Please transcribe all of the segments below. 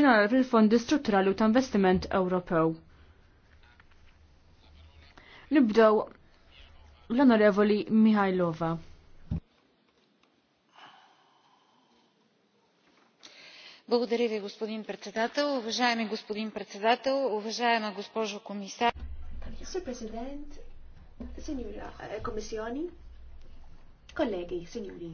ġenerali fil-Fondi Strutturali u ta' Investiment Ewropew. Nibdew l-Onorevoli Mihajlova. Благодаря ви, господин председател. Уважаеми господин председател, уважаема госпожо комисар. Sir President, Signora Komissjoni, kollegi, signori,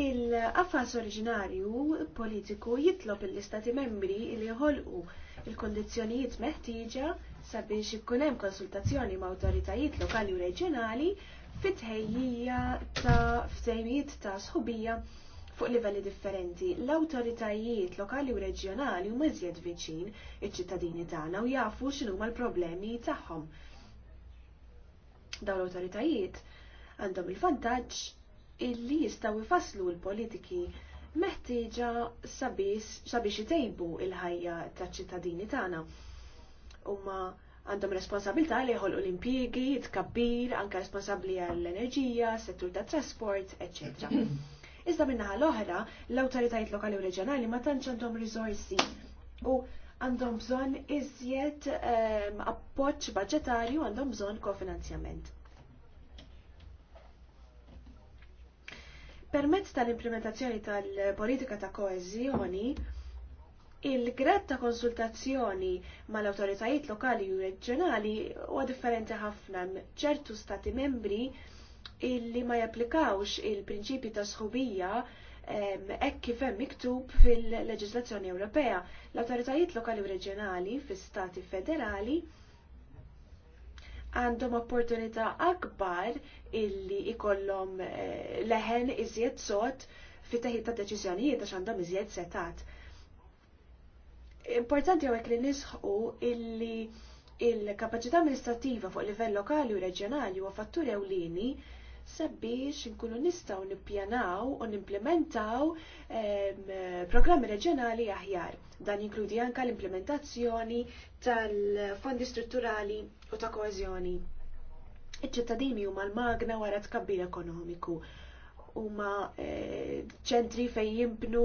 Il-qafas oriġinarju politiku jitlob l-istati membri li jħolqu il-kondizjonijiet meħtieġa sabiex ikun hemm konsultazzjoni ma' awtoritajiet lokali u reġjonali fit-tħejjija ta' ftejmijiet ta' sħubija fuq livelli differenti. L-awtoritajiet lokali u reġjonali huma iżjed viċin iċ-ċittadini tagħna u jafu x'inhuma l-problemi tagħhom. Dawn l-awtoritajiet għandhom il-vantaġġ illi jistaw jfasslu l-politiki meħtieġa sabiex itejbu il-ħajja taċ ċittadini tagħna. Huma għandhom responsabilità li jħolqu l-impjiegi, tkabbir, anke responsabbli għall-enerġija, settur tat trasport, etc. Iżda min-naħa l-oħra, l-awtoritajiet lokali u reġjonali ma tantx għandhom riżorsi u għandhom bżonn iżjed ehm, appoġġ budġetarju, għandhom bżonn kofinanzjament. Permezz tal-implementazzjoni tal-politika ta' koeżjoni, il-grad ta' konsultazzjoni mal-autoritajiet lokali u reġjonali huwa differenti ħafna ċertu stati membri illi ma japplikawx il-prinċipi ta' sħubija hekk kif hemm miktub fil-leġislazzjoni Ewropea. L-awtoritajiet lokali u reġjonali fi stati federali għandhom opportunità akbar illi ikollhom eh, leħen iżjed sod fit teħid ta' deċiżjonijiet għax għandhom iżjed setat. Importanti għawek li nisħu illi il-kapacità amministrativa fuq livell lokali u reġjonali huwa fatturi ewlieni sabiex nkunu nistaw nippjanaw u nimplementaw programmi reġjonali aħjar. Dan jinkludi anka l-implementazzjoni tal-fondi strutturali u ta' koezjoni. Iċ-ċittadini huma l-magna wara tkabbir ekonomiku huma e, ċentri fejn jimbnu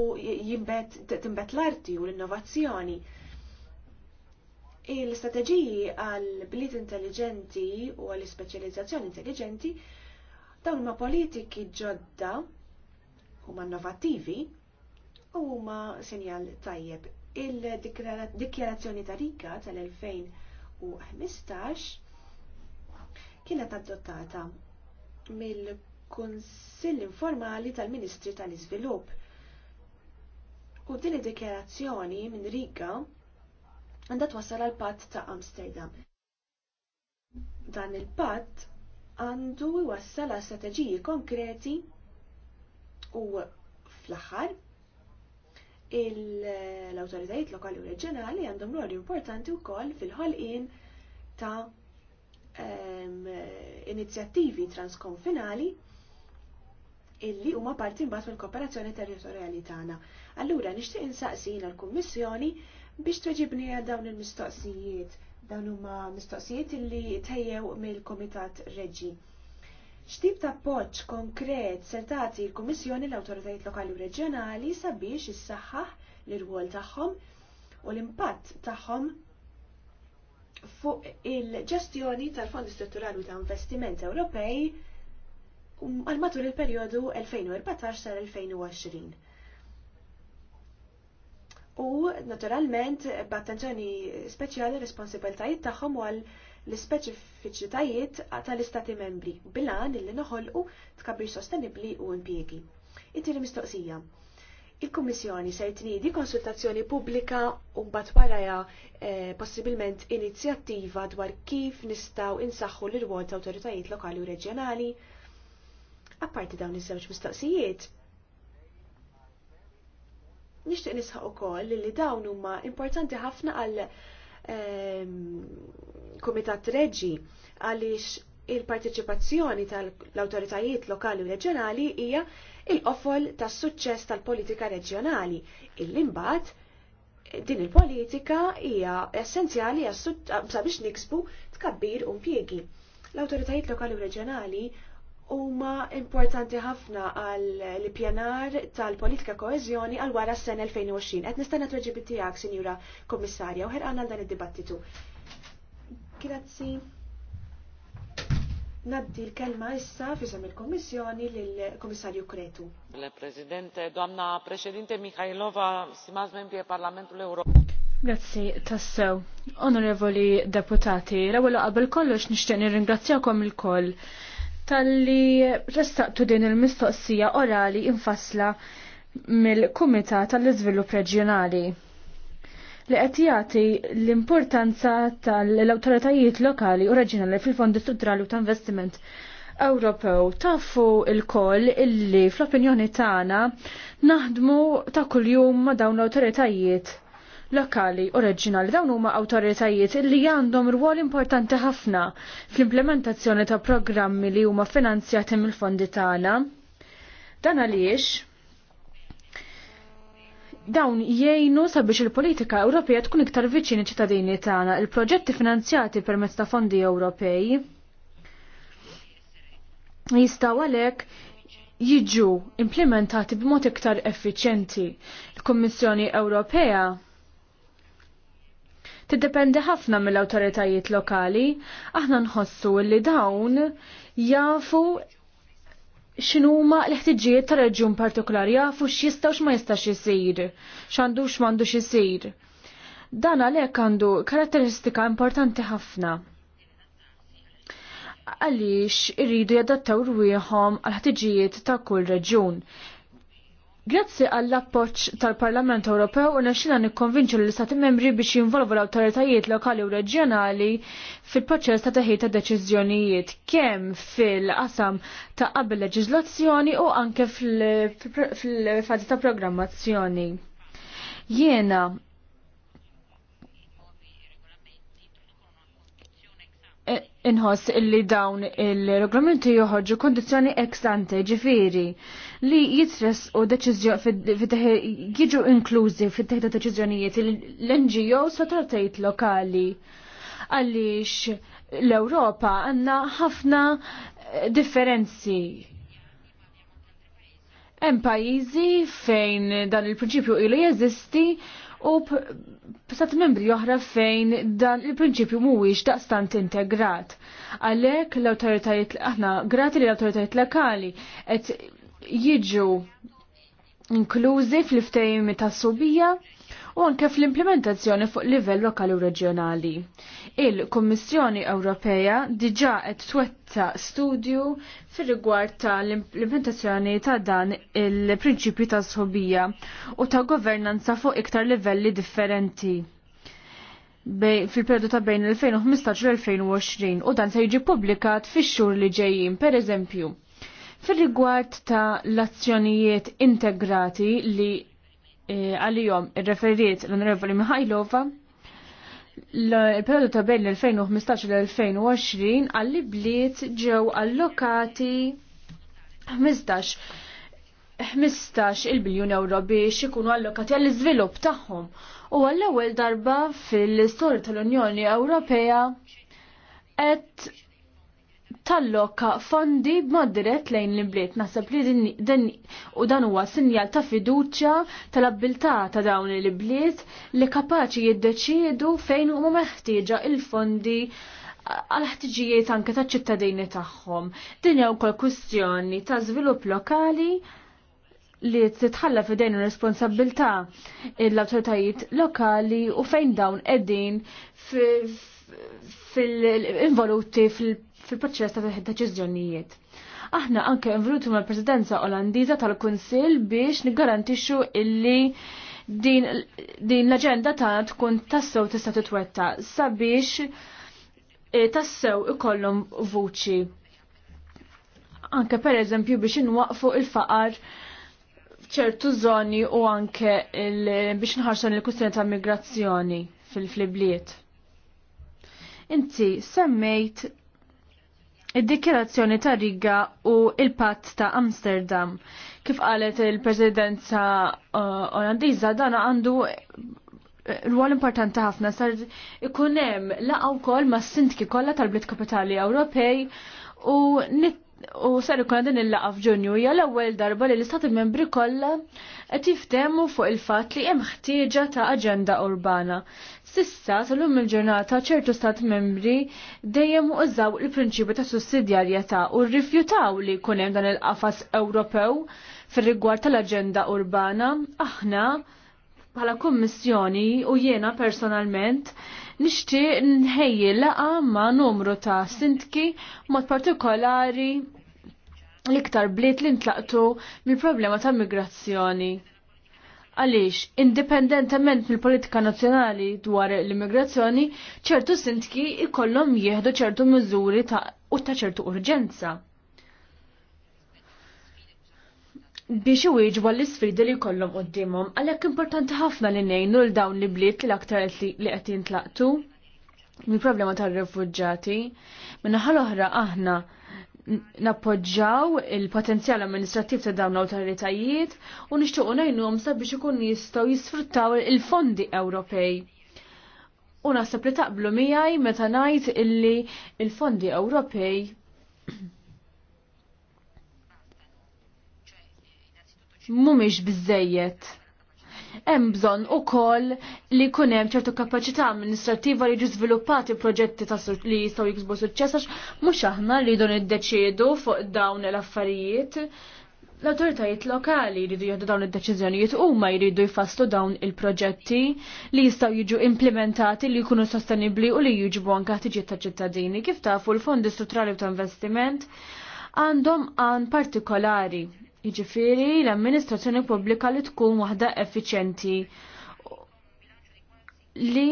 jimbet l-arti u l-innovazzjoni. Il-strateġiji għal bliet intelligenti u għal speċjalizzazzjoni intelligenti Dawn ma politiki ġodda huma innovattivi u huma sinjal tajjeb. Il-dikjarazzjoni ta' Riga tal-2015 kienet adottata mill-Kunsill informali tal-Ministri tal-Iżvilupp. U din id-dikjarazzjoni minn Riga għandha twassal għal patt ta' Amsterdam. Dan il-patt għandu jwassala strateġiji konkreti u fl-aħħar l-autoritajiet lokali u reġjonali għandhom roli importanti wkoll fil-ħolqien ta' um, inizjattivi transkonfinali illi huma parti mbagħad mill-kooperazzjoni territorjali tagħna. Allura nixtieq insaqsina l-Kummissjoni biex tweġibni dawn il-mistoqsijiet Dan huma mistoqsijiet li tejjew mill-Komitat Reġi. X'tip ta' appoġġ konkret se tagħti l-Kummissjoni l-Awtoritajiet Lokali u Reġjonali sabiex issaħħaħ l-irwol tagħhom u l-impatt tagħhom fuq il-ġestjoni tal-Fondi Strutturali ta' Investiment Ewropej għal matul il-perjodu 2014 sal-2020 u naturalment b'attenzjoni speċjali responsibiltajiet tagħhom għal l-ispeċifiċitajiet tal-istati membri bilan illi noħolqu tkabbir sostenibli u impjiegi. It-tieni mistoqsija. Il-Kummissjoni se tniedi konsultazzjoni pubblika u mbagħad waraja eh, possibilment inizjattiva dwar kif nistgħu insaħħu l-irwol ta' awtoritajiet lokali u reġjonali. Apparti dawn iż-żewġ mistoqsijiet, Nixtieq nisħaq ukoll li dawn huma importanti ħafna għal ehm, Kumitat Reġi għaliex il-parteċipazzjoni tal-awtoritajiet lokali u reġjonali hija il-qofol tas-suċċess tal-politika reġjonali. Il-limbat din il-politika hija essenzjali sabiex niksbu tkabbir un impjiegi. L-awtoritajiet lokali u reġjonali huma importanti ħafna għal l-pjanar tal-politika koeżjoni għal wara s-sena 2020. Qed nistenna tweġibi tiegħek, Sinjura Kommissarja, u ħerqan għal dan id-dibattitu. Grazzi. Naddi l-kelma issa fisem il-Kommissjoni lill-Kommissarju Kretu. Le Presidente, Doamna Președinte Mihailova, stimați membri l European. Grazzi, tassew. Onorevoli deputati, l-ewwel qabel kollox nixtieq nirringrazzjakom il-koll tal-li restaqtu din il-mistoqsija orali infasla mill-Kumitat tal-Iżvilupp Reġjonali li qed jagħti l-importanza tal-awtoritajiet lokali u reġjonali fil-Fondi Strutturali u ta' Investiment Ewropew tafu il-koll illi fl-opinjoni tagħna naħdmu ta' kuljum ma' dawn l-awtoritajiet lokali u reġjonali dawn huma awtoritajiet li għandhom rwol importanti ħafna fl-implementazzjoni ta' programmi li huma finanzjati mill-fondi tagħna. Dan għaliex dawn jgħinu sabiex il-politika Ewropea tkun iktar viċini ċittadini tagħna, il-proġetti finanzjati permezz ta' fondi Ewropej jistaw għalhekk jiġu implementati b'mod iktar effiċjenti. il kummissjoni Ewropea tiddependi ħafna mill-awtoritajiet lokali. Aħna nħossu li dawn jafu x'inhuma l-ħtiġijiet ta' reġjun partikolari jafu x'jistgħu x'ma jistax isir, x'għandu x'mandu x'isir. Dan għalhekk għandu karatteristika importanti ħafna għaliex irridu jadattaw rwieħom għal ħtiġijiet ta' kull reġjun. Grazzi għall appoġġ tal-Parlament Ewropew u nexxina nikkonvinċu l istati membri biex jinvolvu l-awtoritajiet lokali u reġjonali fil-proċess ta' teħid ta' deċiżjonijiet kemm fil-qasam ta' qabel leġiżlazzjoni u anke fil-fazi ta' programmazzjoni. Jiena inħoss illi dawn il-reglamenti joħorġu kondizjoni ex ante ġifiri li jitres u jiġu inklużi fit-teħda deċizjonijiet l-NGO sotartajt lokali għalix l-Europa għanna ħafna eh, differenzi Hemm pajjiżi fejn dan il-prinċipju ilu jeżisti u b'sat membri oħra fejn dan il-prinċipju mhuwiex daqstant integrat. Għalhekk l-awtoritajiet aħna grati li l-awtoritajiet lokali qed jiġu inklużi fl-ftehim ta' subija u anke fl-implementazzjoni fuq livell lokali u reġjonali. Il-Kummissjoni Ewropea diġà qed twetta studju fir-rigward tal-implementazzjoni ta' dan il-prinċipju ta' sħobija u ta' governanza fuq iktar livelli differenti fil-periodu ta' bejn 2015 l-2020 u dan se jiġi publikat fix-xhur li ġejjin, pereżempju, Fil-rigward ta' l-azzjonijiet integrati li Eh, għal-jom il-referiet l-Onorevoli Mihajlova il-periodu ta' bejn l-2015 l-2020 għalli bliet ġew allokati 15 15 il-biljun euro biex ikunu allokati għall iżvilupp tagħhom. U għall-ewwel darba fil-istorja tal-Unjoni Ewropea qed talloka fondi b'mod lejn l-imbliet. Naħseb li din u dan huwa sinjal ta' fiduċja tal-abilità ta' dawn l-imbliet li kapaċi jiddeċiedu fejn huma meħtieġa il-fondi għal ħtiġijiet anke ta' ċittadini tagħhom. Din hija wkoll kwistjoni ta' żvilupp lokali li titħalla f'idejn responsabilità l-awtoritajiet lokali u fejn dawn qegħdin fil-involuti fil fil-proċess ta' teħid deċiżjonijiet. Aħna anke involutu mal presidenza Olandiża tal-Kunsill biex niggarantixxu illi din, l-aġenda tagħna tkun tassew tista' titwetta sabiex eh, tassew ikollhom vuċi. Anke pereżempju biex inwaqfu il-faqar ċertu zoni u anke biex nħarsu l-kustjoni ta' migrazzjoni fil-flibliet. Inti semmejt id-dikjerazzjoni ta' Riga u il-Patt ta' Amsterdam. Kif qalet il-Presidenza uh, Olandiża dan għandu eh, rwol importanti ħafna sar ikun hemm laqgħu wkoll mas-sindki kollha tal-Bliet Kapitali Ewropej u u sar ikun din il laqgħa f'Ġunju hija l-ewwel darba li l-Istati Membri kollha qed jiftehmu fuq il-fatt li hemm ħtieġa ta' aġenda urbana. Sissa, salum il-ġurnata, ċertu stat membri dejjem użaw il-prinċipju ta' sussidjarjetà u rrifjutaw li kunem dan il-qafas Ewropew fir-rigward tal-aġenda urbana. Aħna, bħala kommissjoni u jiena personalment, nixtieq nħejji laqa ma' numru ta' sintki mod partikolari l-iktar bliet li ntlaqtu mill-problema ta' migrazzjoni Għaliex, indipendentement mill-politika nazzjonali dwar l-immigrazzjoni, ċertu sintki ikollhom jieħdu ċertu miżuri ta' u ta' ċertu urġenza. biex iwieġbu l sfidi li jkollhom dimom għalhekk importanti ħafna li ngħinu l dawn li bliet li aktar li qed jintlaqtu mill-problema tar refugġati minna l-oħra aħna nappoġġaw il-potenzjal amministrattiv ta' dawn l-autoritajiet u nixtiequ ngħinhom sabiex ikun jistgħu jisfruttaw il-fondi Ewropej. U naħseb li taqblu miegħi meta ngħid illi il-fondi Ewropej mhumiex biżejjed hemm bżonn ukoll li jkun hemm ċertu kapaċità amministrattiva li jiġu żviluppati proġetti ta' li jistgħu jiksbu suċċess għax mhux aħna li jdu niddeċiedu fuq dawn l-affarijiet. L-autoritajiet lokali jridu jieħdu dawn id-deċiżjonijiet huma jridu jfasslu dawn il-proġetti li jistgħu jiġu implementati li jkunu sostenibbli u li jiġbu anke ħtiġiet ta' ċittadini kif tafu l-Fondi Strutturali ta' Investiment għandhom għan partikolari Jiġifieri l-amministrazzjoni pubblika li tkun waħda effiċenti li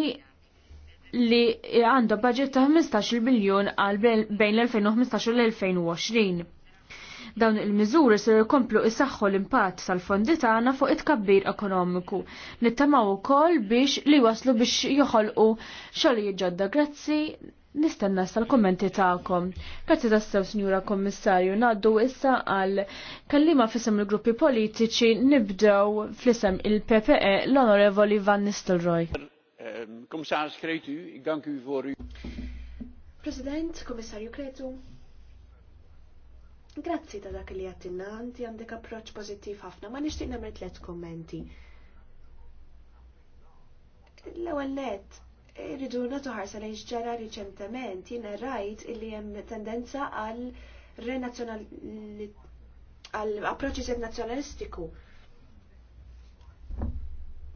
li għandha budget ta' 15 biljun għal bejn l-2015 u l-2020. Dawn il-miżuri se jkomplu isaħħu l-impatt tal-fondi tagħna fuq it-kabbir ekonomiku. Nittamaw ukoll biex li waslu biex joħolqu xogħlijiet ġodda. Grazzi, Nistenna sta l-kommenti ta'kom. Grazzi ta' sew, Signora Kommissarju, naddu issa għal kallima fisem il-gruppi politiċi nibdew fisem il-PPE l-Onorevoli Van Nistelrooy. Commissaris ehm, Kretu, dank voru. President, Kommissarju Kretu, grazzi ta' dak li għattinna, għandi għandek approċ pozittiv ħafna, ma nishtiq namel tliet kommenti. L-ewel nett. Rridu natu ħarsa li ġara riċentement jiena rajt illi hemm tendenza għal għal approċċi set nazjonalistiku.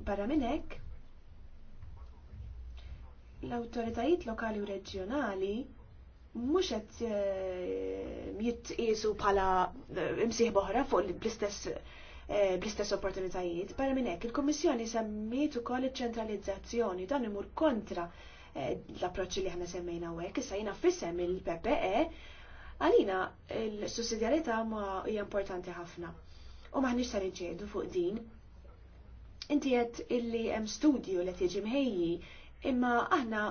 Barra minn hekk, l-awtoritajiet lokali u reġjonali mhux qed eh, jitqiesu bħala eh, imsieħ oħra fuq l-istess Eh, bl-istess opportunitajiet. Para minn hekk, il-Kummissjoni semmiet ukoll iċ-ċentralizzazzjoni dan imur kontra eh, l-approċċ li aħna semmejna hekk issa jiena fissem il-PPE għalina il sussidjarità ma hija importanti ħafna. U maħniex sar inċedu fuq din. Inti qed illi hemm studju li qed jiġi mħejji, imma aħna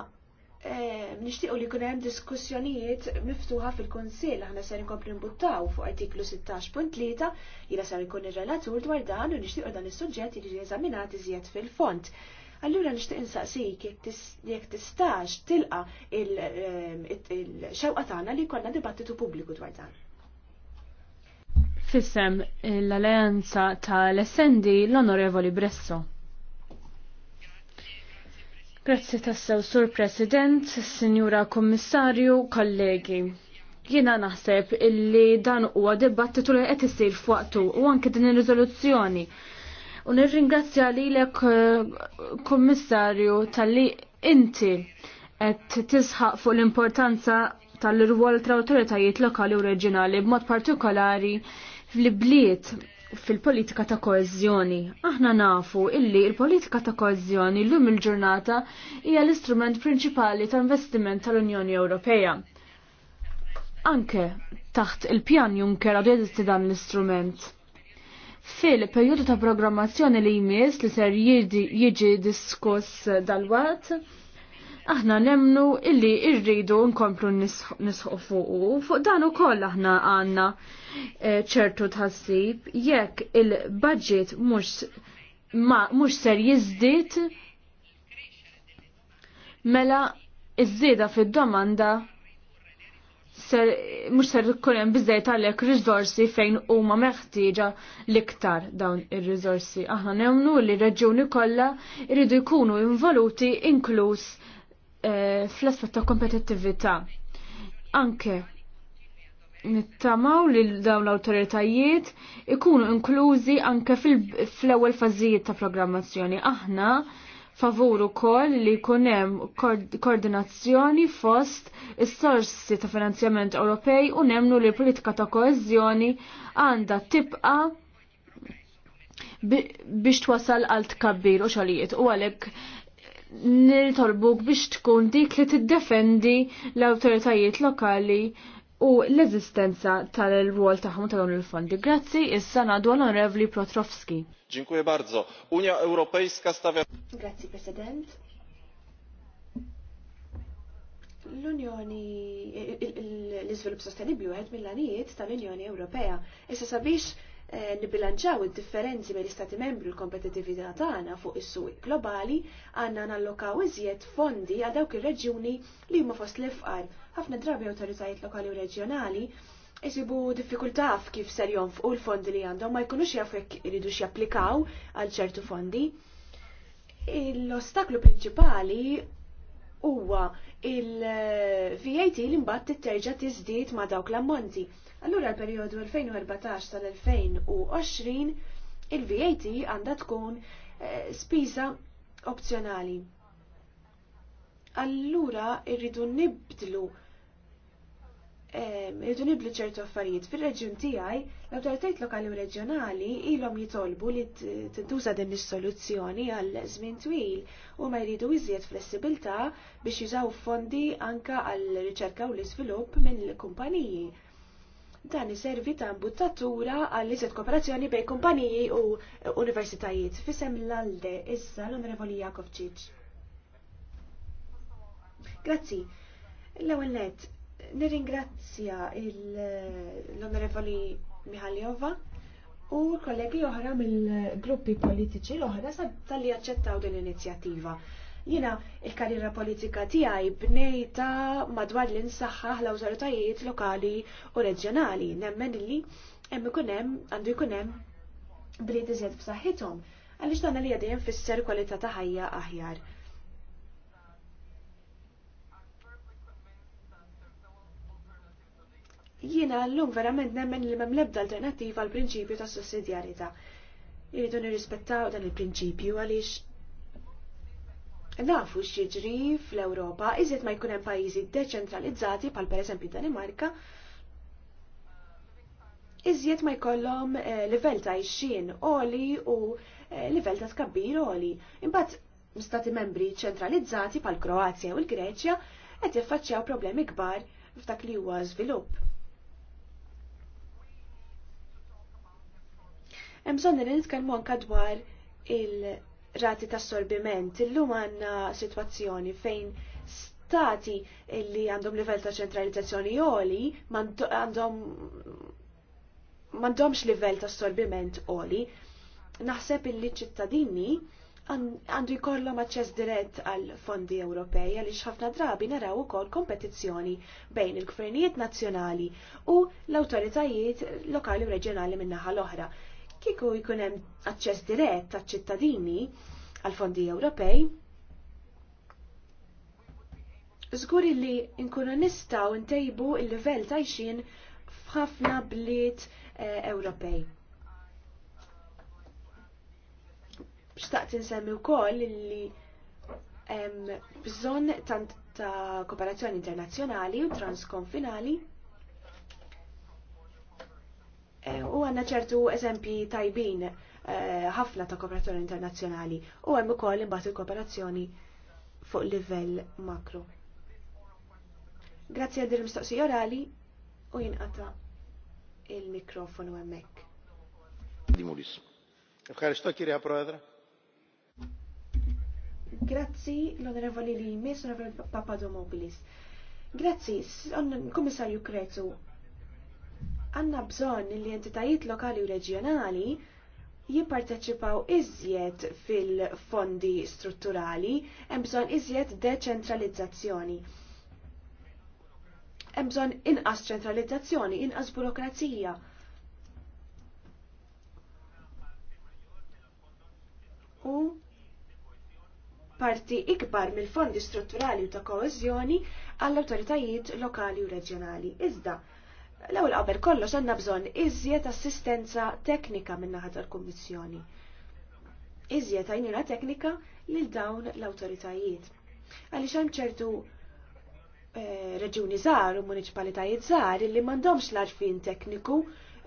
Eh, nixtiequ li jkun hemm diskussjonijiet miftuħa fil konsil aħna ser nkompli nbuttaw fuq artiklu 16.3 jiena ser ikun ir-relatur dwar dan u nixtiequ dan is sujġet jiġi eżaminat iżjed fil-font. Allura nixtieq insaqsik jekk tistax tilqa eh, il-xewqa tagħna li jkollna dibattitu pubbliku dwar dan. Fissem l-alleanza tal-Essendi l-Onorevoli Bresso. Grazzi tassew, Sur President, Sinjura Kommissarju, kollegi. Jiena naħseb illi dan huwa dibattitu li qed isir fuqtu u anke din ir-riżoluzzjoni. U nirringrazzja lilek eh, Kommissarju tal-li inti qed tisħaq fuq l-importanza tal-irwol tal-awtoritajiet lokali u reġjonali b'mod partikolari fl-bliet fil-politika ta' koezjoni. Aħna nafu illi il-politika ta' koezjoni l-lum il-ġurnata hija l-istrument prinċipali ta' investiment tal-Unjoni Ewropea. Anke taħt il-pjan Juncker għadu jedisti dan l-istrument. Fil-periodu ta' programmazzjoni li jmiss li ser jiġi diskuss dal-wat, aħna nemnu illi irridu nkomplu nisħu fuqu, fuq dan ukoll aħna għanna eh, ċertu tħassib jekk il-budget mhux ser jiżdied mela iż-żieda fid-domanda ser mhux ser ikun hemm biżejjed għalhekk riżorsi fejn huma meħtieġa l-iktar dawn ir-riżorsi. Aħna nemnu li reġjuni kollha jridu jkunu involuti inkluż Eh, fl-aspett ta' kompetittività. Anke nittamaw li dawn l-autoritajiet ikunu inklużi anke fl-ewwel fażijiet ta' programmazzjoni. Aħna favuru kol li kunem koordinazzjoni fost is-sorsi ta' finanzjament Ewropej u nemnu li politika ta' koeżjoni għandha tibqa' biex twasal għal tkabbir u xalijiet u għalek nitolbuk biex tkun dik li tiddefendi l-awtoritajiet lokali u l-eżistenza tal-rwol tagħhom ta' dawn il-fondi. Grazzi, issa ngħadu l-Onorevli Protrovski. Dziękuję bardzo. Unia Europejska stawia. Grazzi, President. L-Unjoni, l-Iżvilupp Sostenibli għed mill-għanijiet tal-Unjoni Ewropea. Issa sabiex Eh, nibilanċaw id-differenzi me l-Istati membri u l-kompetitività tagħna fuq is-suq globali, għandna nallokaw iżjed fondi għal dawk ir-reġjuni li huma fost l-ifqar. Ħafna drabi awtoritajiet lokali u reġjonali jisibu diffikultà f'kif ser jonfqu l-fondi li għandhom ma jkunux jafu jekk iridu japplikaw għal ċertu fondi. L-ostaklu prinċipali huwa il-VAT li mbagħad titterġa' tiżdied ma' dawk l-ammonti Allura l-periodu 2014 tal-2020 il-VAT għandha tkun eh, spiża opzjonali. Allura irridu nibdlu eh, irridu nibdlu ċertu affarijiet. Fir-reġjun tiegħi l-awtoritajiet lokali u reġjonali ilhom jitolbu li tintuża din is-soluzzjoni għal żmien twil u ma jridu iżjed flessibilità biex jużaw fondi anka għal riċerka u l-iżvilupp mill-kumpaniji dan iservi ta' imbuttatura għall iżet kooperazzjoni bejn kumpaniji u universitajiet. Fisem l-alde issa l-Onorevoli Jakovčić. Grazzi. L-ewwel net, nirringrazzja l-Onorevoli Mihaljova u kollegi oħra mill-gruppi politiċi l-oħra tal-li din l-inizjattiva. Jina il-karriera politika tiegħi bnejta madwar l insaħħaħ l-awtoritajiet lokali u reġjonali. Nemmen li hemm ikun hemm għandu jkun hemm bliet iżjed b'saħħithom għaliex dan li għadejjem fisser kwalità ta' ħajja aħjar. jiena l-lum verament nemmen li mem lebda alternativa għal prinċipju ta' sussidjarita. Irridu nirrispettaw dan il-prinċipju għaliex nafu xieġri fl-Ewropa iżjed ma jkun hemm pajjiżi deċentralizzati per pereżempju Danimarka iżjed ma jkollhom eh, livell ta' xin oli u eh, livell ta' tkabbir oli. Imbagħad stati membri ċentralizzati pal Kroazja u l-Greċja qed jiffaċċjaw problemi kbar f'dak li huwa żvilupp. Hemm bżonn li nitkellmu anke dwar il- rati ta' sorbiment. Illum għanna situazzjoni fejn stati li għandhom livell ta' ċentralizzazzjoni oli għandhom mandomx livell ta' sorbiment oli. Naħseb illi ċittadini għandu jkollhom aċċess dirett għal fondi Ewropej għaliex ħafna drabi naraw ukoll kompetizzjoni bejn il-gvernijiet nazzjonali u l-awtoritajiet lokali u reġjonali min-naħa l-oħra. Kiku jkun hemm aċċess dirett ta' ċittadini għal fondi Ewropej, Żgur li nkunu nistgħu ntejbu il-livell ta' xin f'ħafna bliet eh, Ewropej. Xtaqt insemmi wkoll li hemm bżonn tant ta' kooperazzjoni internazzjonali u transkonfinali U għanna ċertu eżempji tajbin eh, ħafna ta' kooperazzjoni internazzjonali u hemm ukoll imbagħad il-kooperazzjoni fuq livell makro. Grazzi għadir mistoqsi orali u jinqata' il-mikrofonu hemmhekk. Dimulis. Ευχαριστώ κυρία Πρόεδρε. Grazzi l-Onorevoli Limis, l-Onorevoli Papadomobilis. Grazzi, Komissarju Kretu, għanna bżon li entitajiet lokali u reġjonali jipparteċipaw iżjed fil-fondi strutturali, hemm bżonn iżjed deċentralizzazzjoni. Hemm bżonn inqas ċentralizzazzjoni, inqas burokrazija. U parti ikbar mill-fondi strutturali u ta' koezjoni għall-awtoritajiet lokali u reġjonali. Iżda, L-ewwel qabel kollox għandna bżonn iżjed assistenza teknika minn naħa tal-Kummissjoni. Iżjed għajnuna teknika lil dawn l-awtoritajiet. Għaliex hemm ċertu eh, reġuni żgħar u municipalitajiet żgħar li m'għandhomx l-arfin tekniku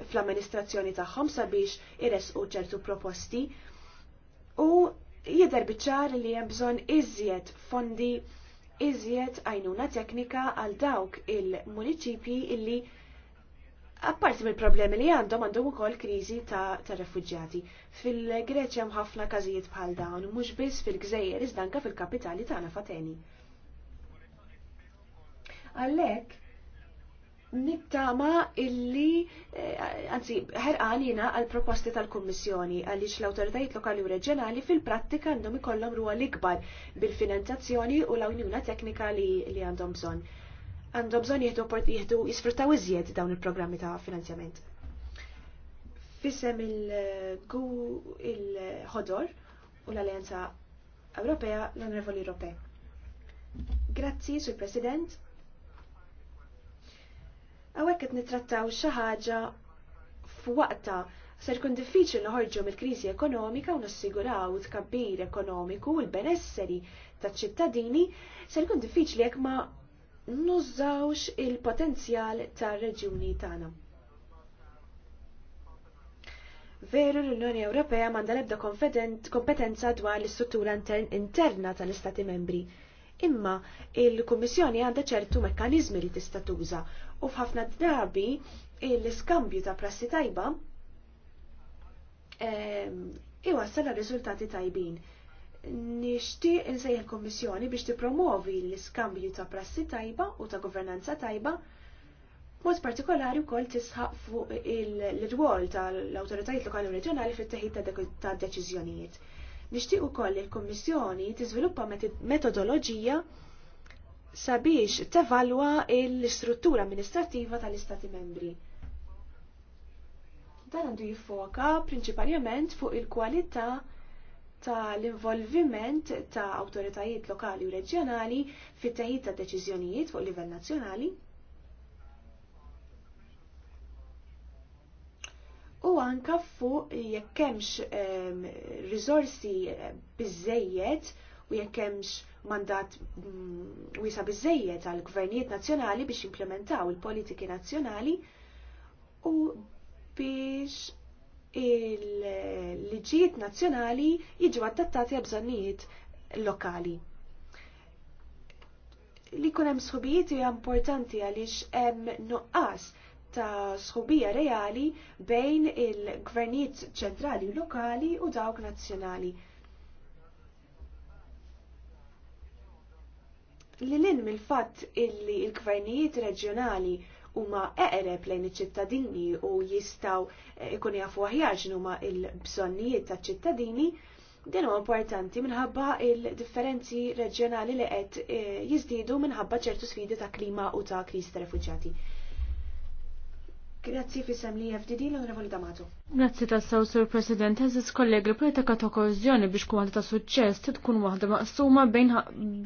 fl-amministrazzjoni tagħhom sabiex iresqu ċertu proposti u jidher biċċar li hemm bżonn iżjed fondi iżjed għajnuna teknika għal dawk il-municipji illi Apparti mill problemi li għandhom għandhom ukoll kriżi ta', ta refuġjati. Fil-Greċja hemm ħafna każijiet bħal dawn, mhux biss fil-Gżejjer iżda anke fil-kapitali tagħna Fateni. Għalhekk nittama illi, eh, anzi ħerqan jina għal-proposti tal-Kommissjoni għaliex l-autoritajiet lokali u reġjonali fil-prattika għandhom ikollhom ruol ikbar bil-finanzazzjoni u l-għawnjuna teknika li, li għandhom bżonn għandhom bżonn jieħdu jieħdu jisfruttaw iżjed dawn il-programmi ta' finanzjament. Fissem il-gu il-ħodor u l-Alleanza Ewropea l-Onorevoli Ewropej. Grazzi, Sur President. Għawek għet nitrattaw xaħġa f'waqta ser kun diffiċli noħorġu mill-kriżi ekonomika u nassiguraw tkabbir ekonomiku u l-benesseri taċ-ċittadini ser kun diffiċli jekk ma nużawx il-potenzjal tar-reġjuni tagħna. Veru l-Unjoni Ewropea manda ebda kompetenza dwar l-istruttura interna tal-Istati membri. Imma il-Kummissjoni għandha ċertu mekkanizmi li tista' tuża u f'ħafna drabi l-iskambju ta' prassi tajba ehm, iwassal riżultati tajbin nixtieq nsejħ il-Kommissjoni biex tipromovi l-iskambju ta' prassi tajba u ta' governanza tajba Mod partikolari wkoll tisħaq fuq il-rwol tal-awtoritajiet lokali u reġjonali fit-teħid ta' deċiżjonijiet. Nixtieq ukoll il-Kummissjoni tiżviluppa metodoloġija sabiex tevalwa l-istruttura amministrattiva tal-Istati membri. Dan għandu jiffoka prinċipalment fuq il-kwalità ta' l-involviment ta' awtoritajiet lokali u reġjonali fit-teħid ta' deċiżjonijiet fuq livell nazzjonali. U anka fuq jekk hemmx um, riżorsi biżejjed u jekk hemmx mandat mm, wiesa biżejjed għal gvernijiet nazzjonali biex implementaw il-politiki nazzjonali u biex il-liġijiet nazzjonali jiġu adattati għabżonijiet lokali. Li kun hemm sħubijiet hija importanti għaliex hemm nuqqas ta' sħubija reali bejn il-gvernijiet ċentrali u lokali u dawk nazzjonali. Li l mill-fatt il-gvernijiet reġjonali huma eqreb lejn iċ-ċittadini u jistgħu eh, ikun jafu aħjar huma l-bżonnijiet taċ-ċittadini, din huwa importanti minħabba il-differenzi reġjonali li qed eh, jiżdiedu minħabba ċertu sfidi ta' klima u ta' kriżi ta' refuġjati. Grazzi fi li FDD l-Onorevoli Damato. Grazzi ta' saw Sur President, eżis kollegi l-politika ta' kożjoni biex kumanda ta' suċċess tkun waħda maqsuma bejn,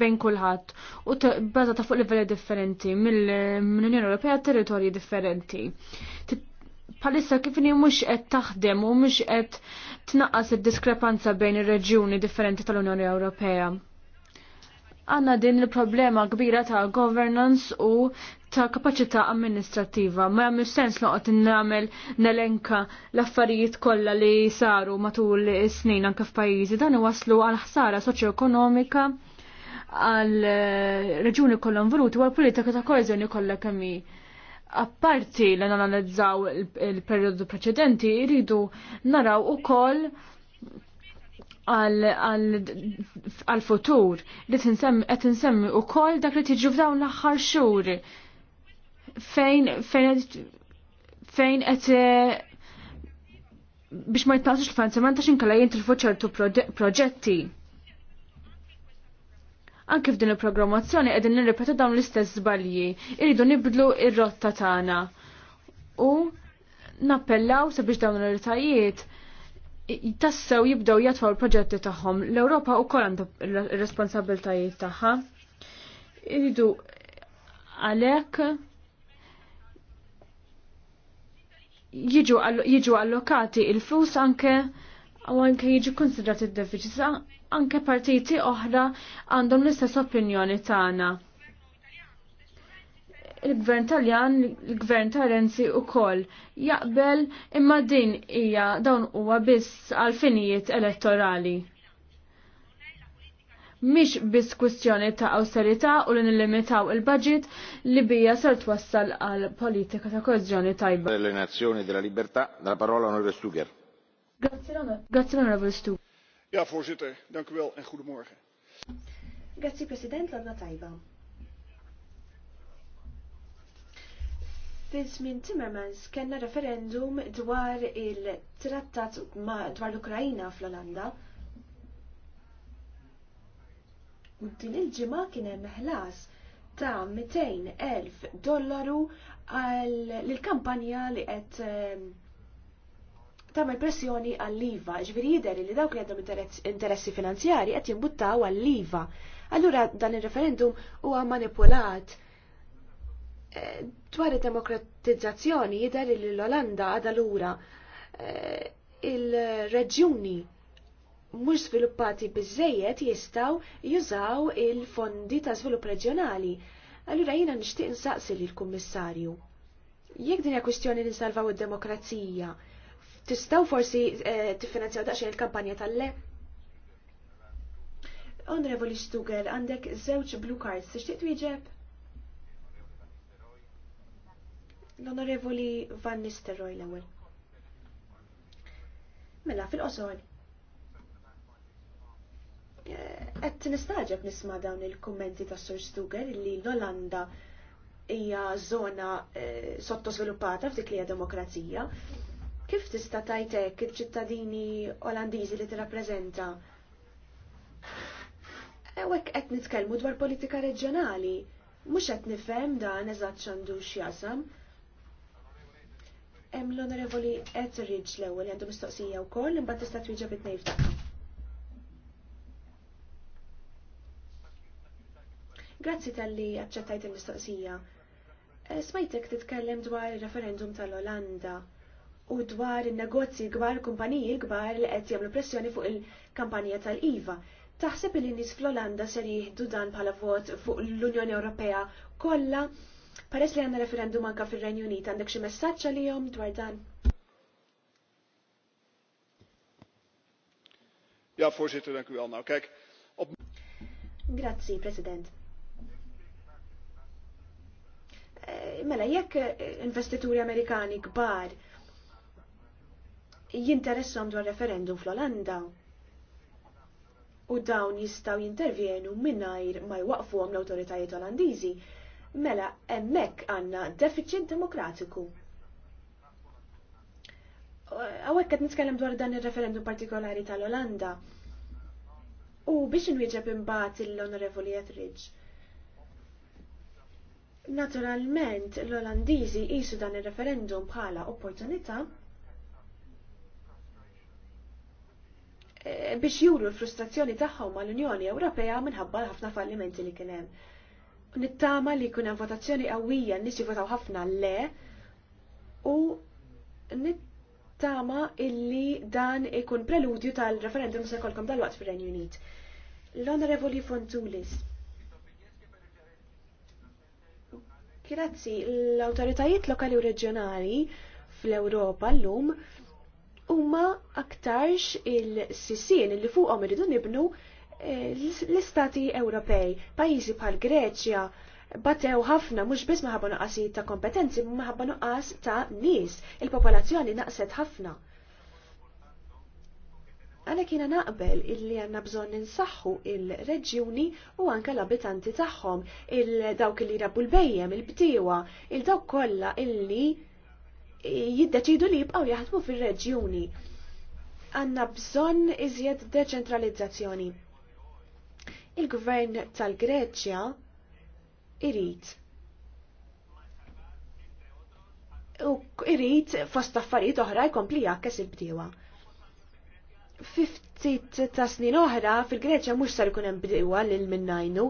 bejn kulħadd u baza ta' fuq livelli differenti mill-Unjoni Ewropea territorji differenti. Palissa kif ni mhux qed taħdem u mhux qed tnaqqas id-diskrepanza bejn ir-reġjuni differenti tal-Unjoni Ewropea għanna din il-problema kbira ta' governance u ta' kapacità amministrativa. Ma jgħamil sens n-namel nelenka l-affarijiet kollha li saru matul is-snin anke f'pajjiżi dan waslu għal ħsara ekonomika għal eh, reġuni kollha involuti u għal politika ta' koeżjoni kollha kemm Apparti li nanalizzaw il-perjodu preċedenti, jridu naraw ukoll għal-futur li qed insemmi wkoll dak li tiġu f'dawn l-aħħar xhur fejn fejn fejn qed eh, biex ma jitnaqsux l-finanzjament għax inkella jintilfu ċertu proġetti. Anke f'din il-programmazzjoni qegħdin nirripetu dawn l-istess żbalji, iridu nibdlu ir-rotta tagħna. U nappellaw sabiex dawn l ritajiet tassew jibdew jatfaw il-proġetti tagħhom. L-Ewropa wkoll għandha responsabiltajiet tagħha. Iridu għalhekk jiġu allokati il-flus anke u anke jiġu konsidrati d-deficit anke partiti oħra għandhom l-istess opinjoni tagħna il-gvern taljan, il-gvern tal-Renzi u koll jaqbel imma din hija dawn huwa biss għal-finijiet elettorali. Mhix biss kwistjoni ta' awsterità u li nillimitaw il-budget li bija sar twassal għal politika ta' koezjoni tajba. Le nazioni della libertà, dalla parola onorevole Stuger. Grazie onorevole Stuger. Ja, voorzitter, dank u wel en goedemorgen. Grazie president, la tajba. Fil-żmien Timmermans kellna referendum dwar il-trattat dwar l-Ukrajina fl-Olanda. U din il-ġimgħa kien hemm ħlas ta' 200,000 dollaru l-kampanja li qed ehm, tagħmel pressjoni għall-IVA, ġifieri jidher li dawk li għandhom interessi finanzjari qed jimbuttaw għall-IVA. Allura dan ir-referendum huwa manipulat dwar id-demokratizzazzjoni jidher li l-Olanda għadha lura eh, il-reġjuni mhux sviluppati biżejjed jistgħu jużaw il-fondi ta' żvilupp reġjonali. Allura jiena nixtieq insaqsi l kummissarju Jekk din hija kwistjoni li nsalvaw id-demokrazija, tistgħu forsi eh, tiffinanzjaw daqsxejn il-kampanja tal-le? Onorevoli Stugel, għandek żewġ blue cards, tixtieq twieġeb? L-Onorevoli Van Nistelrooy l-ewwel. Mela fil-qosor. Eh, qed nistaġeb nisma' dawn il-kummenti ta' Sur Stuger li l-Olanda hija żona eh, sottosviluppata f'dik li hija demokrazija. Kif tista' tajtek il-ċittadini Olandiżi li tirrappreżenta Ewek qed nitkellmu dwar politika reġjonali, mhux qed nifhem dan eżatt x'għandu x'jasam. Em l-Onorevoli Etheridge l-ewwel li għandu mistoqsija wkoll imbagħad tista' twieġeb it f'daqqa. Grazzi tal-li aċċettajt il-mistoqsija. Eh, smajtek titkellem dwar il-referendum tal-Olanda u dwar il-negozji gbar, kumpaniji gbar li qed jagħmlu pressjoni fuq il-kampanija tal-IVA. Taħseb li nies fl-Olanda ser jieħdu dan bħala vot fuq l-Unjoni Ewropea kollha Pares li għandna referendum anka fir-Renju Unit, għandek xi messaġġ għalihom dwar dan? Ja, voorzitter, dank u wel. Nou, president. Eh, mela, jekk eh, investituri Amerikani kbar jinteressom dwar referendum fl-Olanda u dawn jistaw jintervjenu minnajr ma jwaqfu għom l-autoritajiet Olandizi, mela hemmhekk għandna deficit demokratiku. Għawek qed nitkellem dwar dan ir-referendum partikolari tal-Olanda. U biex inwieġeb imbagħad l-Onorevoli Etheridge. Naturalment l-Olandiżi qisu dan ir-referendum bħala opportunità eh, biex juru l-frustrazzjoni tagħhom mal-Unjoni Ewropea minħabba ħafna fallimenti li kien hemm nittama li jkun hemm votazzjoni qawwija n-nies ħafna le u nittama illi dan ikun preludju tal-referendum se kolkom dal-waqt fir-Renju Unit. L-Onorevoli Fontulis. Grazzi, l-autoritajiet lokali u reġjonali fl-Ewropa llum huma aktarx il-sissien li fuqhom iridu nibnu Eh, l-istati Ewropej, pajjiżi bħal Greċja, batew ħafna mhux biss maħabba nuqqas ta' kompetenzi, ma maħabba nuqqas ta' nies. Il-popolazzjoni naqset ħafna. Għalhekk jiena naqbel illi għandna bżonn ninsaħħu il-reġjuni u anke l-abitanti tagħhom, il-dawk li rabbu l-bejjem, il btiwa il-dawk kollha illi jiddeċidu li jibqgħu jaħdmu fir-reġjuni. Għanna bżonn iżjed deċentralizzazzjoni il-gvern tal-Greċja irid u irrit fost affarijiet oħra jkompli jakkes il-bdiewa. Fiftit ta' snin oħra fil-Greċja mhux sar ikun hemm bdiewa lil minnajnu,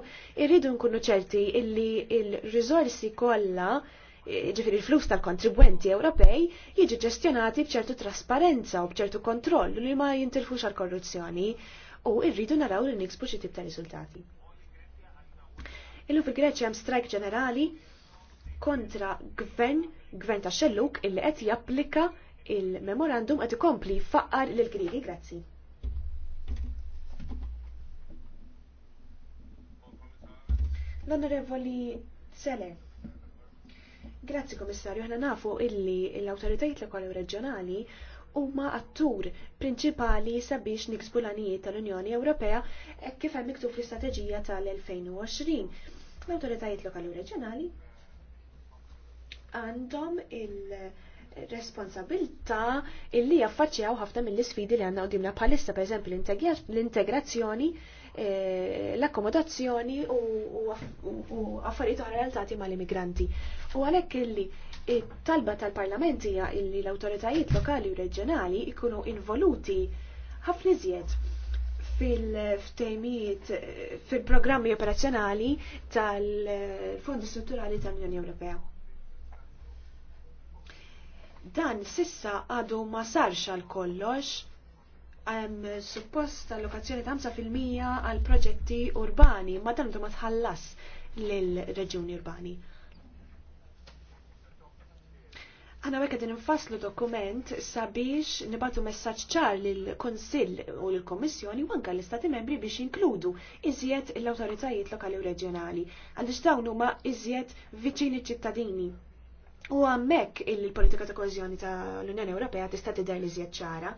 irridu nkunu ċerti illi il-riżorsi kollha ġifir il-flus tal-kontribwenti Ewropej jiġu ġestjonati bċertu trasparenza u bċertu kontroll li ma jintilfux għal korruzzjoni u irridu naraw li niksbu xi tip ta' riżultati. Illu fil-Greċja hemm strajk ġenerali kontra gvern, gvern ta' xelluk illi qed japplika il-memorandum qed ikompli faqqar lil Griegi, grazzi. L-Onorevoli Sele. Grazzi Komissarju, ħna nafu illi l autoritajt lokali u reġjonali huma attur prinċipali sabiex niksbu l-anijiet tal-Unjoni Ewropea e kif hemm miktub fl-istrateġija tal-2020. L-awtoritajiet lokali u reġjonali għandhom il- responsabilta illi jaffaċċjaw ħafna mill-isfidi li għanna għodimna bħalissa, per eżempju, l-integrazzjoni, e, l-akkomodazzjoni u affarijiet oħra ma l immigranti U għalek illi it-talba tal-Parlament hija illi l-awtoritajiet lokali u reġjonali jkunu involuti ħafna iżjed fil-ftejmijiet, fil-programmi operazzjonali tal-Fondi Strutturali tal-Unjoni Ewropea. Dan sissa għadu ma sarx għal kollox, għem suppost allokazzjoni ta' 5% għal proġetti urbani, ma dan ma tħallas lil reġjuni urbani. Għana għek għedin nfasslu dokument sabiex nibatu messaċ ċar l-Konsil u l-Komissjoni u anka l-Istati membri biex inkludu iżjed l-autoritajiet lokali u reġjonali Għandix dawn huma iżjed viċini ċittadini. U għammek il-politika ta' kozjoni ta' l-Unjoni Ewropea tista' tidher li iżjed ċara.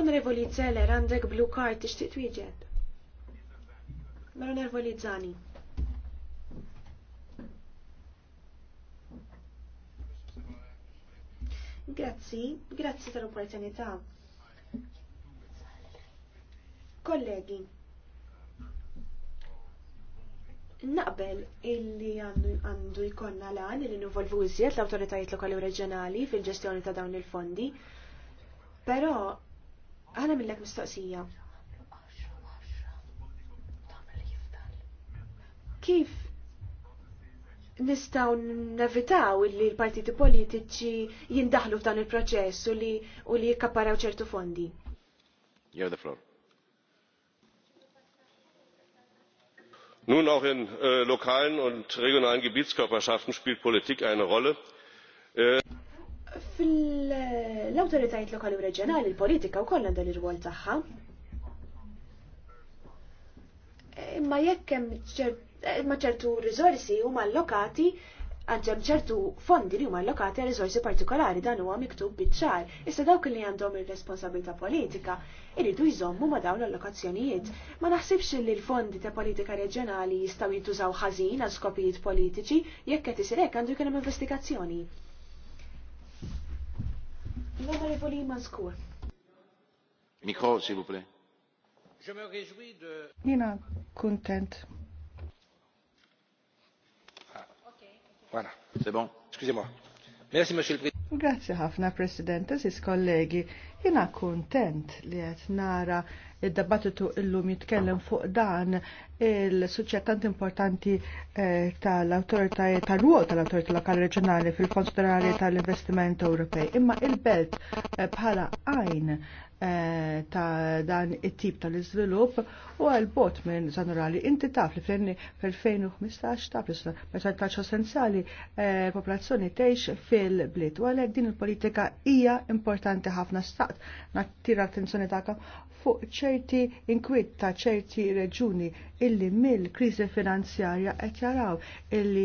Onorevoli Zeller għandek blue card tixtieq twieġeb. Onorevoli Zani. Grazzi, grazzi tal-opportunità. Kollegi, naqbel illi għandu jkonna lan illi nivolvu iżjed l-autoritajiet lokali u reġjonali fil-ġestjoni ta' dawn il-fondi, però għana millek mistoqsija. Kif nistaw nevitaw li l-partiti politiċi jindaħlu f'dan il-proċess u li u li jikkaparaw ċertu fondi. You have the floor. Nun auch in äh, lokalen und regionalen Gebietskörperschaften spielt Politik eine Rolle. Äh, Fil-autoritajiet lokali u reġjonali l-politika wkoll għandha l-irwol tagħha. Imma jekk hemm ċert Eh, ma ċertu rizorsi huma allokati għandhom ċertu fondi li huma allokati għal rizorsi partikolari dan huwa miktub biċ-ċar. Issa dawk li għandhom ir-responsabilità politika iridu jżommu ma dawn l-allokazzjonijiet. Ma naħsibx li l-fondi ta' politika reġjonali jistgħu jintużaw ħażin għal skopijiet politiċi jekk qed isir hekk għandu jkun hemm investigazzjoni. L-Onorevoli Manskur. Mikro, s'il vous plaît. Jena kontent Grazie ħafna, President, Sis kollegi jina kontent li qed nara id-dabattitu il illum jitkellem fuq dan il-suċċettant importanti eh, tal-autoritajiet tal-ruol tal-autoritajiet lokali reġjonali fil-konsiderali tal-investiment Ewropej. Imma il-belt eh, bħala għajn eh, ta' dan it-tip tal-iżvilupp u għal-bot minn zanurali. Inti taf li fl-2015 taf li percentaċ essenzjali popolazzjoni tgħix fil blit u għalhekk din il-politika hija importanti ħafna sta' xtaqt nattira attenzjoni taka fuq ċerti inkwiet ta' ċerti reġuni illi mill-kriżi finanzjarja qed jaraw illi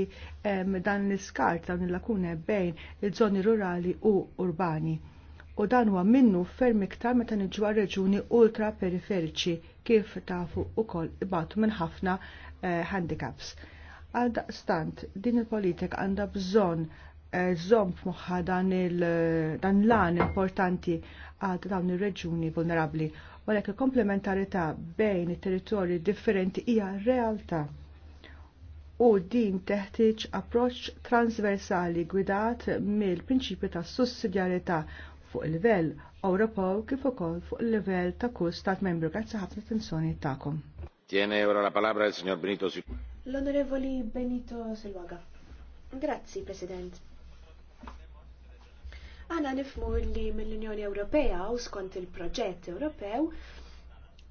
dan l-iskart dawn il-lakune bejn il-żoni rurali u urbani. U dan huwa minnu ferm iktar meta niġwa reġuni ultra periferiċi kif tafu ukoll ibatu minn ħafna eh, handicaps. Għal daqstant din il-politika għandha bżonn żomm f'moħħa dan l-għan importanti għal dawn ir-reġuni vulnerabbli. Walek il komplementarita bejn it-territorji differenti hija realtà u din teħtieġ approċċ transversali gwidat mill-prinċipju ta' sussidjarità fuq il-livell Ewropew kif ukoll fuq il-livell ta' kull stat membru. Grazzi ħafna attenzjoni tagħkom. Tiene ora la palabra il signor Benito Silvaga. L'onorevoli Benito Silvaga. Grazzi, President. Għana nifmu li mill-Unjoni Ewropea u skont il-proġett Ewropew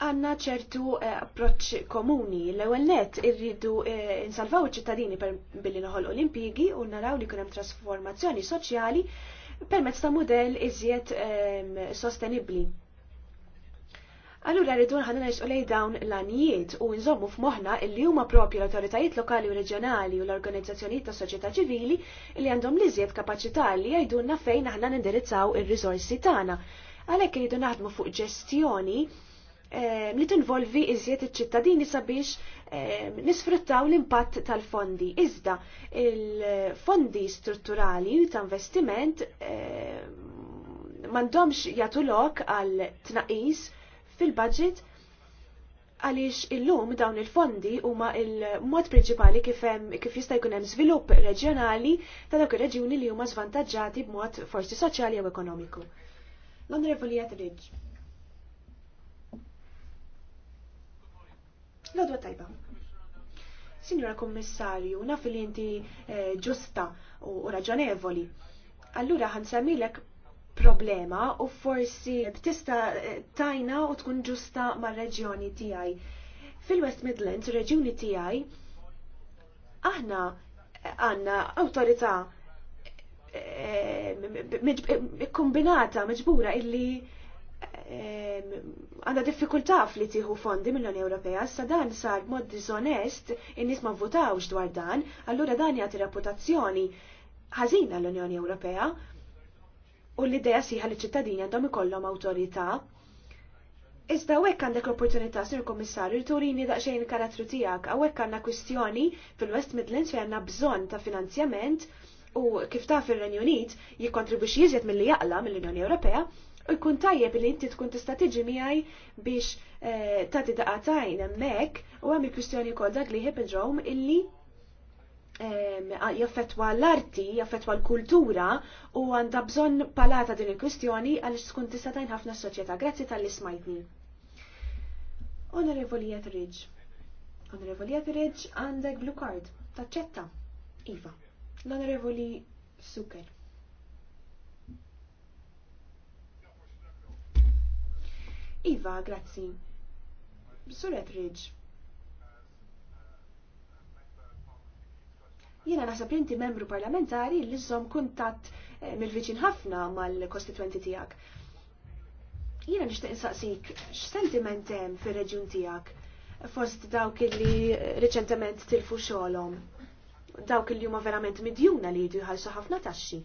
għanna ċertu eh, approċ komuni. L-ewwel irridu eh, insalvaw iċ-ċittadini per billi noħol olimpigi u naraw li kunem trasformazzjoni soċjali permezz ta' model iżjed ehm, sostenibbli. Allura rridu nħadna nisqu lej dawn l-anijiet u nżommu f'moħħna illi huma propju l-awtoritajiet lokali u reġjonali u l-organizzazzjonijiet tas soċjetà ċivili li għandhom li iżjed kapaċità li jgħidulna fejn aħna nindirizzaw ir-riżorsi tagħna. Għalhekk irridu naħdmu fuq ġestjoni eh, li tinvolvi iżjed iċ-ċittadini sabiex eh, nisfruttaw l-impatt tal-fondi. Iżda il-fondi strutturali ta' investiment eh, mandomx jagħtu lok għal tnaqis fil-budget għaliex illum dawn il-fondi huma il-mod prinċipali kif kif jista' jkun hemm żvilupp reġjonali ta' dawk ir-reġjuni li huma żvantaġġati b'mod forsi soċjali jew ekonomiku. L-Onorevoli Ridge. L-għadwa tajba. Signora Kommissarju, naf li inti eh, ġusta u raġonevoli. Allura ħansemilek problema u forsi tista tajna u tkun ġusta mar-reġjoni tiegħi. Fil-West Midlands, reġjuni tiegħi, aħna għandna awtorità eh, kombinata, meġbura illi eh, għanna diffikultà fli tiħu fondi mill-Unjoni Ewropea, sa dan sar mod disonest, in-nies ma votawx dwar dan, allura dan jagħti reputazzjoni ħażina l-Unjoni Ewropea u l-ideja siħa li ċittadini għandhom ikollhom awtorità. Iżda hekk għandek l-opportunità, Sir Kommissarju, turini daqsxejn il-karattru tiegħek, hawnhekk għandna kwistjoni fil-West Midlands fejn għandna bżonn ta' finanzjament u kif taf ir-Renju Unit jikkontribwixxi jiżjed milli jaqla mill-Unjoni Ewropea, u jkun tajjeb li inti tkun tista' tiġi miegħi biex eh, tagħti daqatajn hemmhekk u hemm il-kwistjoni wkoll dak li ħib illi jaffetwa l-arti, jaffetwa l-kultura u għanda bżon palata din il kustjoni għalix tkun tista' tajn ħafna s-soċjetà. Grazzi tal-li smajtni. Onorevoli Etheridge. Onorevoli Etheridge għandek blue card. Taċċetta. Iva. L-Onorevoli Suker. Iva, grazzi. Sur Etheridge Jiena naħseb li inti membru parlamentari li zom kuntatt eh, mill-viċin ħafna mal-kostituenti tiegħek. Jiena nixtieq insaqsik x'sentiment hemm fir-reġjun tiegħek fost dawk li eh, riċentement tilfu xogħolhom. Dawk li huma verament midjuna li jdu jħalsu ħafna taxxi.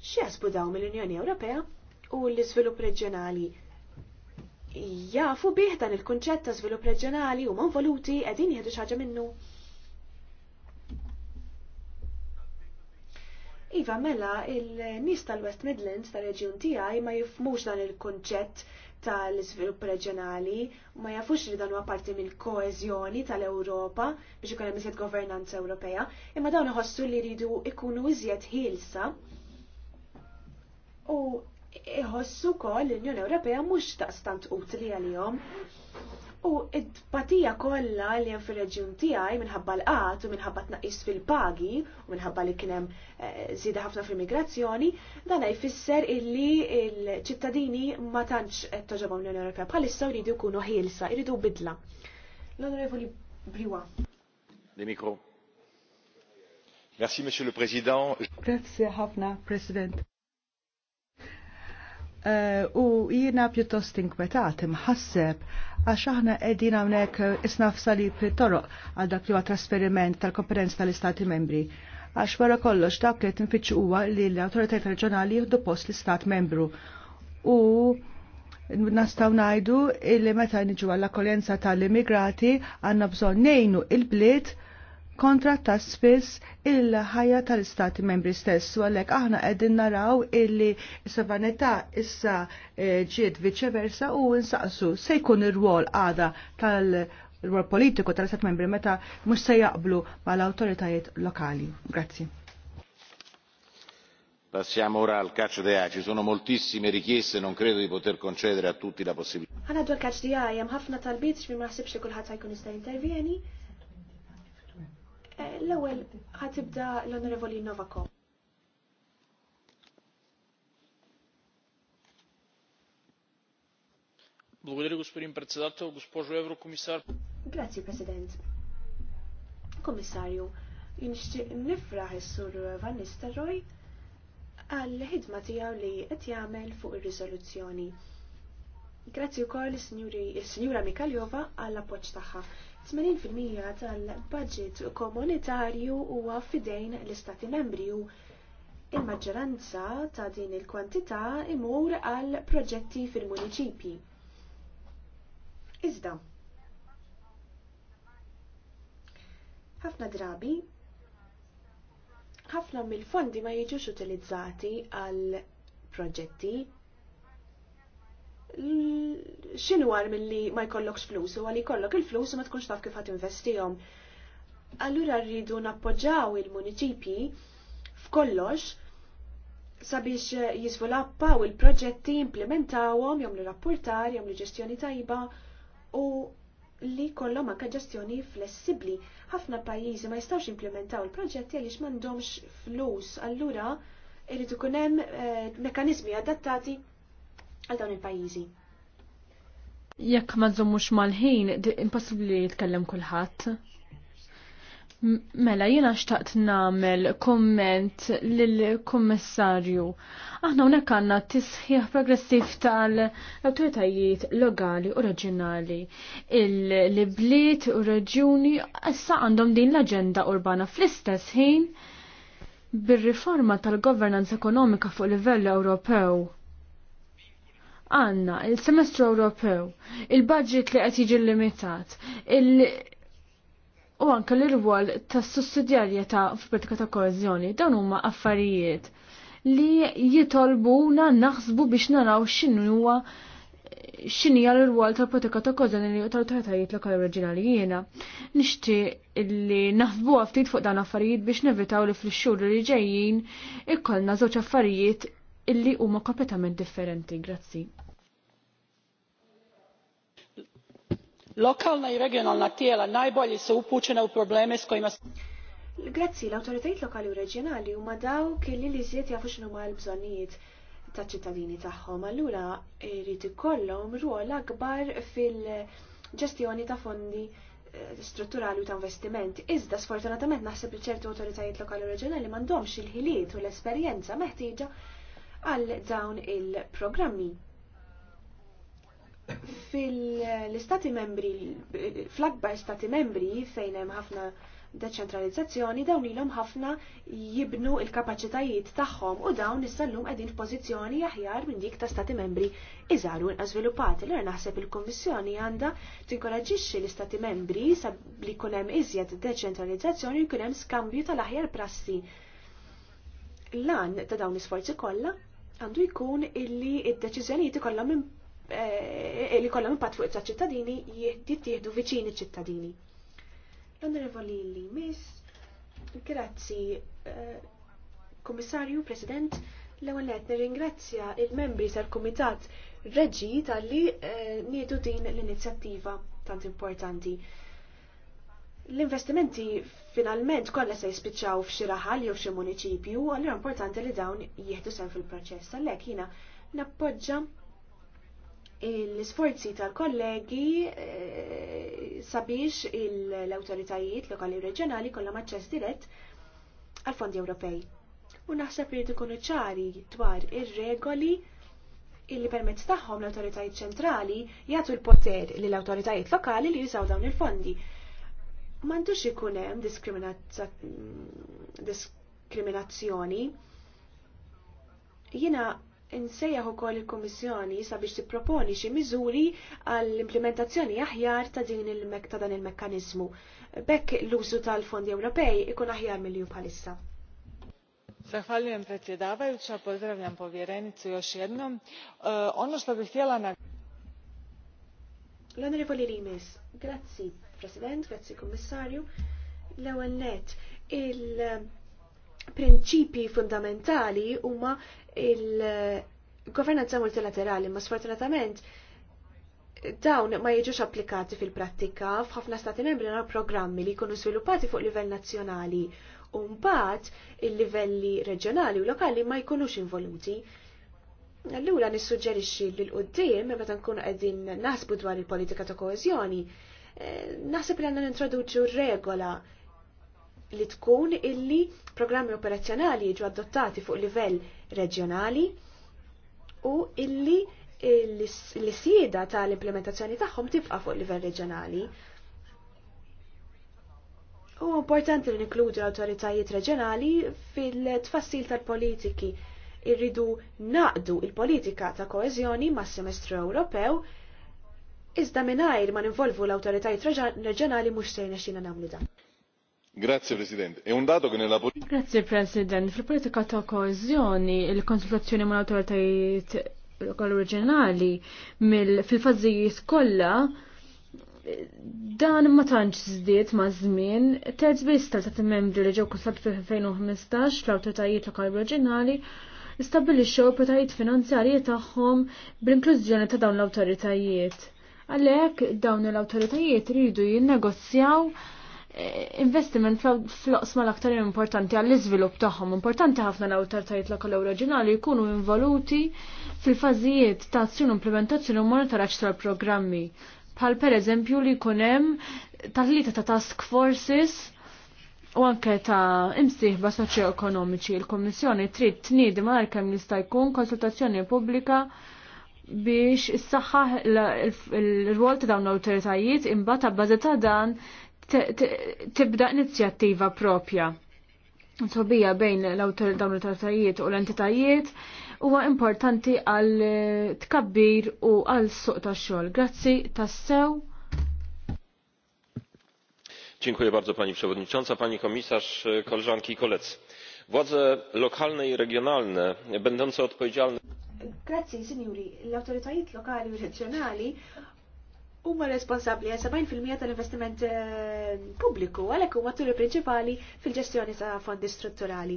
Xie jasbu daw mill-Unjoni Ewropea u l-iżvilupp reġjonali jafu bih dan il-kunċett ta' żvilupp reġjonali huma involuti qegħdin jieħdu xi ħaġa minnu Iva, mela, il-nis tal-West Midlands, tal-reġjun tiegħi ma jifmux dan il-konċett tal-iżvilupp reġjonali, ma jafux li dan huwa parti mill koezjoni tal-Ewropa biex ikun hemm iżjed governanza Ewropea, imma dawn iħossu li jridu ikunu iżjed ħielsa. U iħossu wkoll l-Unjoni Ewropea mhux daqstant utli għalihom. U id-patija kollha li hemm fir-reġjun tiegħi minħabba l-qat u minħabba t-naqis fil-pagi u minħabba li kien hemm eh, ħafna fil-migrazzjoni, dan jfisser illi l-ċittadini ma tantx t toġobhom l-Unjoni Ewropea bħalissa jridu jkunu ħielsa, jridu bidla. L-Onorevoli Briwa. Demikro. Merci, Monsieur le Président. Grazie ħafna, President. Eh, u jiena pjuttost inkwetat imħasseb għax aħna qegħdin hawnhekk eh, isna f'sali toroq għal dak li huwa trasferiment tal-kompetenza tal-Istati membri. Għax wara kollox dak li tinfittxu huwa li l-awtoritajiet reġjonali jieħdu post l-Istat membru. U nastaw najdu illi meta niġu għall-akkoljenza tal-immigrati għandna bżonn ngħinu il-bliet il bliet kontra ta' spiss il-ħajja tal-istati membri stess. U għalek aħna għedin naraw illi s-sovranità issa eh, ġiet viċeversa u nsaqsu se jkun ir-rwol għada tal- il politiku tal-istat membri meta mux se jaqblu mal-autoritajiet lokali. Grazie. Passiamo ora al calcio di A. Ci sono moltissime richieste, non credo di poter concedere a tutti la possibilità. Għana dwar calcio di A, jem ħafna tal-bit, xmi maħsibx li kullħat ħajkun jista' intervjeni, L-ewwel ħatibda l-Onorevoli Novakov. Благодаря, господин председател. Госпожо Еврокомисар. Грация, президент. Комисарио, nixtieq nifraħ is-sur Van Nistelrooy għall ħidma tiegħu li qed jagħmel fuq ir-riżoluzzjoni. Grazzi wkoll is-Sinjura Mikaljova għall appoġġ tagħha. 80% tal-budget komunitarju huwa fidejn l-Istati membri u il-maġġoranza ta' din il-kwantità imur għal proġetti fil muniċipji Iżda, ħafna drabi ħafna mill-fondi ma jiġux utilizzati għal proġetti xinu għar mill-li ma jkollokx flus u għalli kollok il-flus u ma tkunx taf kif għat investijom. Allura rridu nappoġġaw il-municipi f'kollox sabiex u il-proġetti, implementawhom, jom li rapportar, jom li ġestjoni tajba u li kollhom anke ġestjoni flessibbli. Ħafna pajjiżi ma jistgħux implementaw il-proġetti għaliex m'għandhomx flus. Allura irid ikun hemm eh, mekkaniżmi adattati għal dawn il-pajjiżi. Jekk ma zommux mal-ħin, impossibbli jitkellem kulħadd. Mela, jiena xtaqt namel komment lill-Kummissarju. Aħna hawnhekk għandna tisħiħ progressiv tal-awtoritajiet lokali u reġjonali. il libliet u reġjuni issa għandhom din l-aġenda urbana fl-istess ħin bir-riforma tal-governance ekonomika fuq livell Ewropew għanna il-semestru Ewropew, il-budget li qed jiġi limitat, il- u anke l-irwol tas sussidjarjetà f'politika ta' koezjoni dawn huma affarijiet li jitolbuna naħsbu biex naraw x'inhu huwa x'inhija l rwol tal-politika ta' koeżjoni u tal-autoritajiet lokali reġinali jiena. Nixtieq li naħsbu ftit fuq dan affarijiet biex nevitaw li fl-xhur li ġejjin ikollna żewġ affarijiet illi huma kompletament differenti. Grazzi. Lokalna i regionalna tijela najbolje su upućena u probleme s kojima Grazzi, l-autoritajiet lokali u reġjonali huma dawk li li żied jafu x'inhu ma l-bżonnijiet taċ-ċittadini tagħhom. Allura jrid ikollhom rwol akbar fil-ġestjoni ta' fondi eh, strutturali u ta' investiment. Iżda sfortunatament naħseb li ċertu autoritajiet lokali u reġjonali m'għandhomx il-ħiliet u l-esperjenza meħtieġa għal dawn il-programmi. Fil-istati membri, fl-akbar stati membri fejn hemm ħafna deċentralizzazzjoni dawn ilhom ħafna jibnu il-kapaċitajiet tagħhom u dawn issa llum qegħdin f'pożizzjoni aħjar minn dik ta' stati membri iżgħar u inqas sviluppati. naħseb il-Kummissjoni għandha tinkoraġixxi l-istati membri sab li jkun hemm iżjed deċentralizzazzjoni jkun hemm skambju tal-aħjar prassi. Lan ta' dawn l-isforzi kollha għandu jkun illi id-deċiżjonijiet ikollhom Eh, li kollha impatt fuq iċ-ċittadini jittieħdu viċini ċittadini. L-Onorevoli li miss, grazzi eh, Kummissarju, President, l-ewwel qed nirringrazzja il-membri tal-Kumitat Reġi tal-li eh, niedu din l-inizjattiva tant importanti. L-investimenti finalment kollha se jispiċċaw f'xi raħal jew f'xi municipju, allura importanti li dawn jieħdu sen fil-proċess. Allek jiena nappoġġa l-sforzi tal-kollegi eh, sabiex l-autoritajiet lokali u reġjonali kollha aċċess dirett għal fondi Ewropej. U naħseb li ikunu ċari dwar ir-regoli illi permezz tagħhom l-awtoritajiet ċentrali jagħtu l-poter lill awtoritajiet lokali li jużaw dawn il-fondi. M'għandux ikun hemm diskriminazzjoni. Jiena Insejjaħ ukoll il-Kummissjoni sabiex tipproponi xi miżuri għall-implementazzjoni aħjar ta' din il-mek dan il-mekkaniżmu. Bekk l-użu tal-fondi Ewropej ikun aħjar milju bħalissa. Zahvaljujem predsjedavajuća, pozdravljam povjerenicu još jednom. Uh, ono što bih htjela na... L-Onorevoli Rimes, grazie, President, grazie, Kommissarju. L-ewel net, il- prinċipi fundamentali huma il-governanza multilaterali, ma sfortunatament dawn ma jiġux applikati fil-prattika f'ħafna stati membri għal programmi li jkunu sviluppati fuq livell nazzjonali u mbagħad il-livelli reġjonali u lokali ma jkunux involuti. Allura nissuġġerixxi li l-qudiem meta nkunu qegħdin naħsbu dwar il-politika ta' koeżjoni, eh, naħseb li għandna nintroduċu regola li tkun illi programmi operazzjonali jiġu adottati fuq livell reġjonali u illi l-sieda tal-implementazzjoni tagħhom tibqa' fuq livell reġjonali. U importanti li nikludu l-awtoritajiet reġjonali fil-tfassil tal-politiki. Irridu naqdu il-politika ta' koeżjoni mas semestru Ewropew iżda mingħajr ma ninvolvu l-awtoritajiet reġjonali mhux sejna xina nagħmlu dan. Grazie President. President. Fil-politika ta' koezjoni, il-konsultazzjoni mal autoritajiet lokali reġjonali fil-fazzijiet kollha dan ma tantx żdied ma' żmien, terz biss tal membri li ġew kussat fil-2015 l-awtoritajiet lokali reġjonali istabbilixxew protajiet finanzjarji tagħhom bl-inklużjoni ta' dawn l-awtoritajiet. Għalhekk dawn l-awtoritajiet ridu jinnegozjaw investiment fl-oqsma l-aktar importanti għall-iżvilupp tagħhom. Importanti ħafna l-awtoritajiet l u jkunu involuti fil-fażijiet ta' azzjoni implementazzjoni u monitoraġġ tal-programmi. per pereżempju li jkun hemm taħlita ta' task forces u anke ta' imsieħba soċjo-ekonomiċi. il komissjoni trid tniedi ma' kemm jista' jkun konsultazzjoni pubblika biex s-saxħa il-rwol ta' dawn l-awtoritajiet imbagħad ta' bażi ta' dan tibda inizjattiva propja. Sobija bejn l-autor dawn l-autoritajiet u l-entitajiet huwa importanti għal tkabbir u għal suq tax-xogħol. Grazzi tassew. Dziękuję bardzo Pani Przewodnicząca, Pani Komisarz, koleżanki i koledzy. Władze lokalne i regionalne będące odpowiedzialne Grazzi, signori, l-autoritajiet lokali u regionali huma responsabbli għal 70% tal-investiment eh, pubbliku għalhekk huma turi prinċipali fil-ġestjoni ta' fondi strutturali.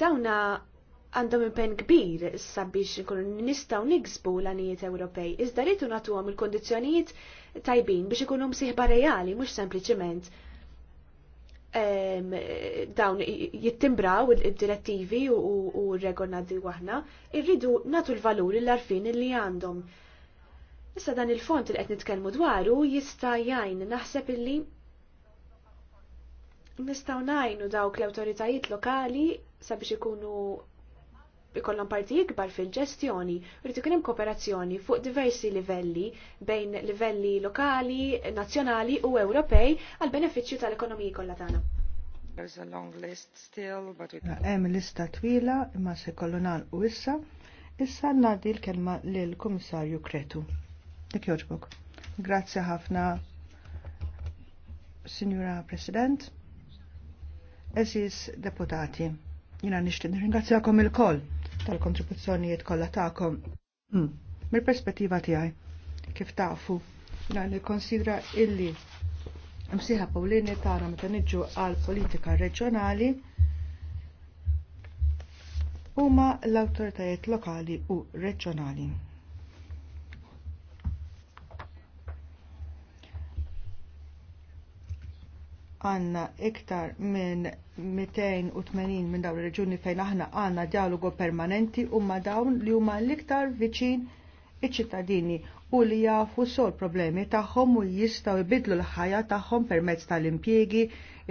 Dawna għandhom impenn kbir sabiex nkunu nistgħu niksbu l-għanijiet Ewropej, iżda rridu nagħtuhom il-kondizzjonijiet tajbin biex ikunu msieħba reali mhux sempliċiment dawn jittimbraw il-direttivi u r-regonadi waħna, irridu natu l-valuri l-arfin li għandhom. Issa dan il-font li qed nitkellmu dwaru jista' jgħin naħseb illi nistgħu ngħinu dawk l-awtoritajiet lokali sabiex ikunu ikollhom parti ikbar fil-ġestjoni, rridu kien hemm kooperazzjoni fuq diversi livelli bejn livelli lokali, nazzjonali u Ewropej għal benefiċċju tal-ekonomiji kollha tagħna. There's a long list still, but it... Hemm lista twila imma se kollu nagħlqu issa. Issa ngħaddi l-kelma lill-Kummissarju Kretu. Dik joġbok. Grazzi ħafna, Signora President, Esis Deputati. Jina nishtin ringrazzjakom il-koll tal-kontribuzzjonijiet kollha tagħkom. Hmm. Mill-perspettiva tiegħi kif tafu na nikkonsidra illi msieħa Pawlini tara meta niġġu għal politika reġjonali huma l-awtoritajiet lokali u reġjonali. għanna iktar minn 280 minn dawn ir-reġuni fejn aħna għanna dialogu permanenti u ma dawn li huma l-iktar viċin iċ-ċittadini u li jafu sol problemi tagħhom u jistgħu jbidlu l-ħajja tagħhom permezz tal-impjiegi,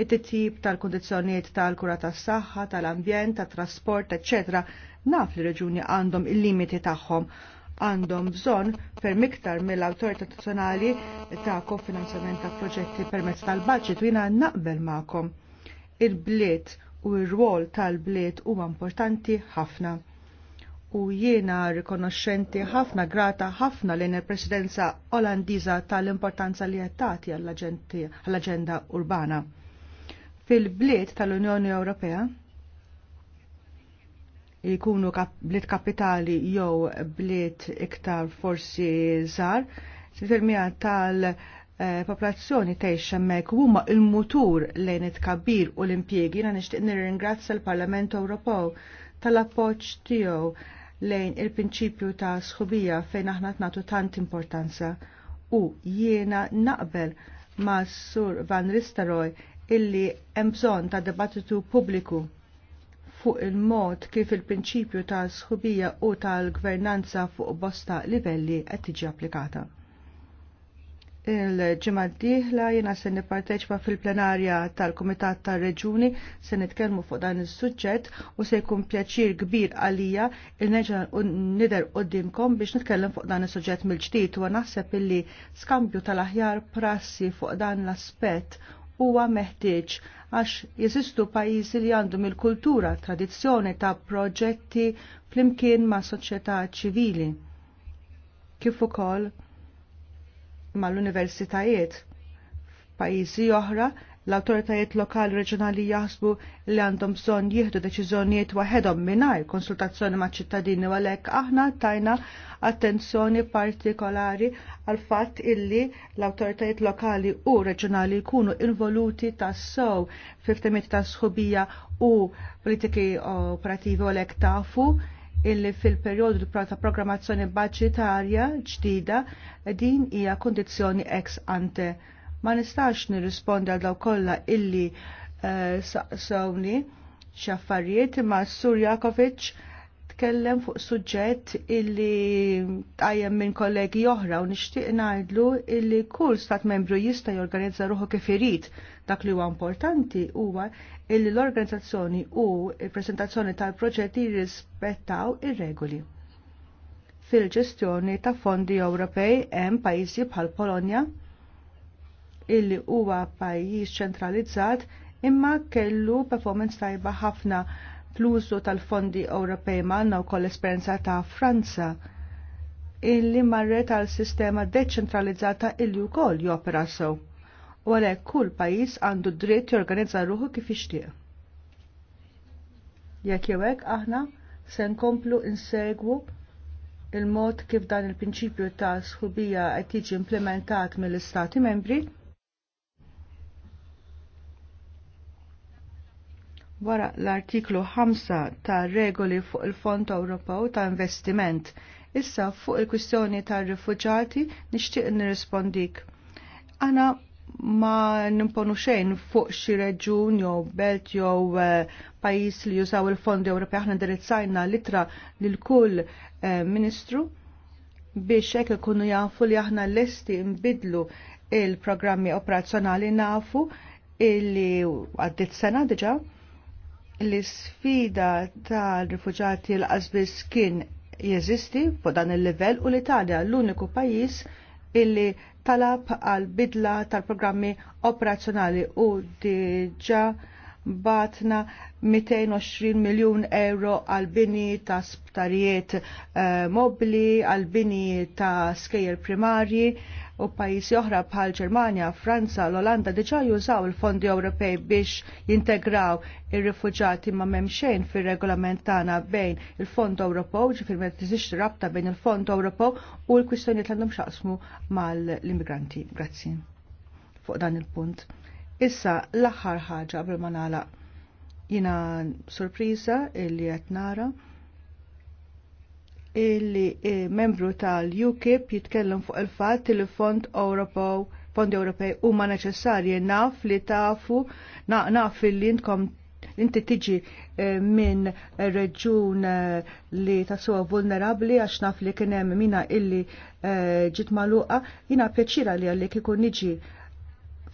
it-tip tal kundizzjonijiet tal-kura tas-saħħa, tal-ambjent, tat-trasport, eċċetera. Naf li reġuni għandhom il-limiti tagħhom għandhom bżonn per miktar mill-Awtorità Nazzjonali ta' kofinanzjament ta' proġetti permezz tal-budget u jiena naqbel ma'kom. Il-bliet u r-rwol tal-bliet huwa importanti ħafna. U jiena rikonoxxenti ħafna grata ħafna lejn il-Presidenza Olandiża tal-importanza li qed tagħti għall-aġenda urbana. Fil-bliet tal-Unjoni Ewropea, jkunu bliet kapitali jew bliet iktar forsi żgħar, fil-mija tal-popolazzjoni tgħix hemmhekk huma l-mutur lejn it-kabbir u l-impjiegi. Jiena nixtieq nirringrazzja l-Parlament Ewropew tal-appoġġ tiegħu lejn il-prinċipju ta' sħubija fejn aħna tnatu tant importanza u jiena naqbel ma' Sur Van Ristaroy illi hemm bżonn ta' dibattitu pubbliku fuq il-mod kif il-prinċipju ta' sħubija u tal-gvernanza fuq bosta livelli qed tiġi applikata. Il-ġimgħa d-dieħla jiena se nipparteċipa fil-plenarja tal-Kumitat tar-Reġuni se nitkellmu fuq dan is-suġġett u se jkun pjaċir kbir għalija il u nider qudiemkom biex nitkellem fuq dan is-suġġett mill-ġdid u naħseb illi skambju tal-aħjar prassi fuq dan l-aspett huwa meħtieġ għax jeżistu pajjiżi li għandhom il-kultura, tradizzjoni ta' proġetti flimkien ma' soċjetà ċivili. Kif ukoll mal-universitajiet f'pajjiżi oħra l-autoritajiet lokali reġjonali jaħsbu li għandhom bżonn jieħdu deċiżjonijiet waħedhom mingħajr konsultazzjoni maċ ċittadini u għalhekk aħna tajna attenzjoni partikolari għal fatt illi l-autoritajiet lokali u reġjonali jkunu involuti tas-sow fiftemiet ta' sħubija u politiki operativi u għalhekk tafu illi fil-periodu ta' programmazzjoni budgetarja ġdida din hija kondizzjoni ex ante Ma nistax nirrispondi għal daw kollha illi uh, saqsawni xaffarijiet imma Sur Jakovic tkellem fuq suġġett illi tajjem minn kollegi oħra u nixtieq ngħidlu illi kull stat membru jista' jorganizza ruħu kif irid. Dak li huwa importanti huwa illi l-organizzazzjoni u l-presentazzjoni tal-proġetti jirrispettaw ir-regoli. Fil-ġestjoni ta' fondi Ewropej hemm pajjiżi bħal Polonja illi huwa pajjiż ċentralizzat imma kellu performance tajba ħafna fl-użu tal-fondi Ewropej manna u koll esperjenza ta' Franza illi marret għal sistema deċentralizzata illi wkoll jopera sew. U għalhekk kull pajjiż għandu dritt jorganizza ruħu kif ixtieq. Jekk jew hekk aħna se nkomplu insegwu il-mod kif dan il-prinċipju ta' sħubija qed jiġi implementat mill-Istati membri wara l-artiklu 5 ta' regoli fuq il-Fond Ewropew ta' Investiment. Issa fuq il-kwistjoni ta' rifuġati nixtieq nirrispondik. Ana ma nimponu xejn fuq xi reġun jew belt jew eh, pajjiż li jużaw il-Fondi Ewropej aħna ndirizzajna litra lil kull eh, Ministru biex hekk ikunu jafu li aħna lesti nbidlu il-programmi operazzjonali nafu illi għaddit sena diġa' l-sfida tal-rifuġati l-qasbis kien jeżisti fuq dan il-livell u l-Italja l-uniku pajjiż illi talab għal bidla tal-programmi operazzjonali u diġa batna 220 miljun euro għal bini ta' sptarijiet eh, mobli, għal bini ta' skejjer primarji u pajjiżi oħra bħal Ġermanja, Franza, l-Olanda diġà jużaw il-fondi Ewropej biex jintegraw ir-rifuġati ma' memxejn fir-regolament tagħna bejn il-Fond Ewropew, ġifier ma tiżix rabta bejn il-Fond Ewropew u l-kwistjonijiet li għandhom xaqsmu mal-immigranti. Grazzi fuq dan il-punt. Issa l-aħħar ħaġa qabel ma nagħlaq jiena sorpriża illi qed nara Illi eh, membru tal-UKIP jitkellem fuq il-fat li fond Ewropew fondi Ewropej huma neċessarji naf li tafu naf li intkom inti tiġi eh, minn reġun eh, li tassuwa vulnerabli għax naf li kien hemm mina illi ġit maluqa jina pjaċira li għalli kikun niġi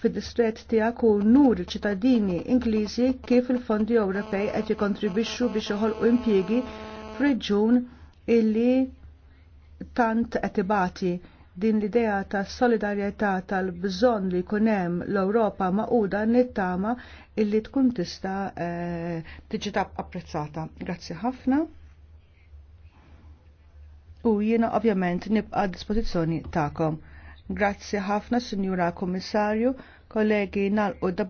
fid-distret tiegħek u nur il-ċittadini Ingliżi kif il-fondi Ewropej qed jikkontribwixxu biex joħolqu impjiegi f'reġjun illi tant etibati din l-idea ta' solidarjetà tal-bżon li kunem l-Europa maquda nittama illi tkun tista eh, apprezzata. Grazzi ħafna. U jiena ovvjament nibqa' dispożizzjoni tagħkom. Grazzi ħafna, Sinjura Kommissarju, kollegi nalqu